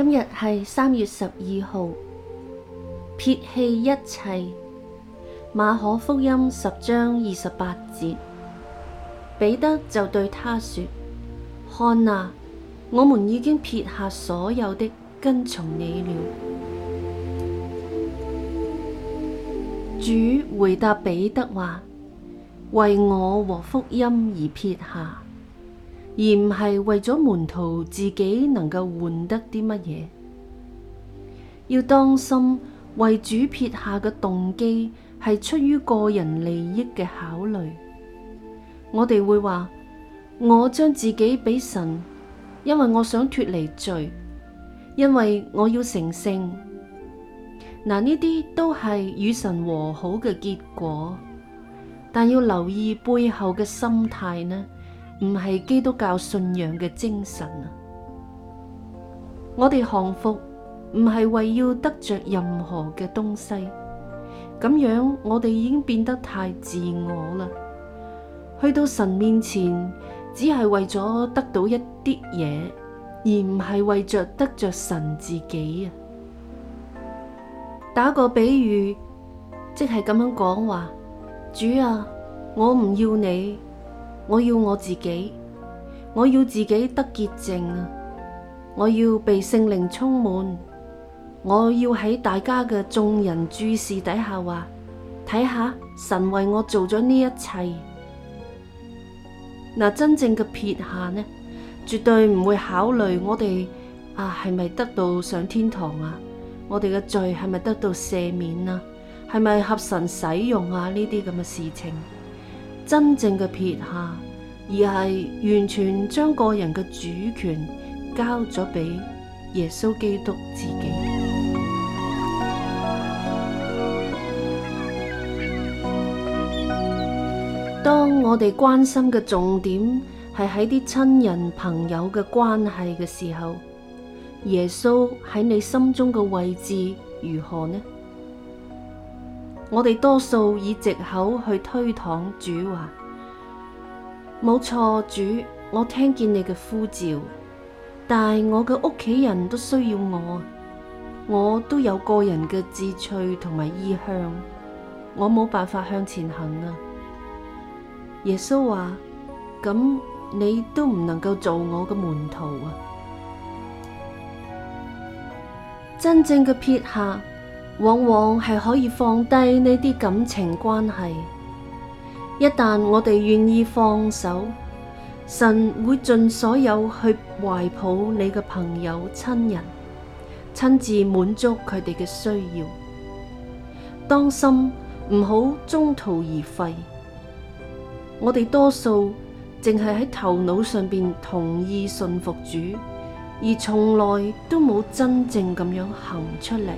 今日係三月十二號，撇棄一切。馬可福音十章二十八節，彼得就對他說：看啊，我們已經撇下所有的，跟從你了。主回答彼得話：為我和福音而撇下。而唔係為咗門徒自己能夠換得啲乜嘢，要當心為主撇下嘅動機係出於個人利益嘅考慮。我哋會話，我將自己畀神，因為我想脫離罪，因為我要成聖。嗱，呢啲都係與神和好嘅結果，但要留意背後嘅心態呢？唔係基督教信仰嘅精神啊！我哋降服唔係為要得着任何嘅東西，咁樣我哋已經變得太自我啦。去到神面前，只係為咗得到一啲嘢，而唔係為着得着神自己啊！打個比喻，即係咁樣講話：主啊，我唔要你。我要我自己，我要自己得潔淨啊！我要被聖靈充滿，我要喺大家嘅眾人注視底下話，睇下神為我做咗呢一切。嗱，真正嘅撇下呢，絕對唔會考慮我哋啊係咪得到上天堂啊？我哋嘅罪係咪得到赦免啊？係咪合神使用啊？呢啲咁嘅事情。真正嘅撇下，而係完全將個人嘅主權交咗俾耶穌基督自己。當我哋關心嘅重點係喺啲親人朋友嘅關係嘅時候，耶穌喺你心中嘅位置如何呢？我哋多數以借口去推搪主話，冇錯，主，我聽見你嘅呼召，但係我嘅屋企人都需要我，我都有個人嘅志趣同埋意向，我冇辦法向前行啊！耶穌話：咁你都唔能夠做我嘅門徒啊！真正嘅撇下。往往係可以放低呢啲感情關係。一旦我哋願意放手，神會盡所有去懷抱你嘅朋友、親人，親自滿足佢哋嘅需要。當心唔好中途而廢。我哋多數淨係喺頭腦上邊同意信服主，而從來都冇真正咁樣行出嚟。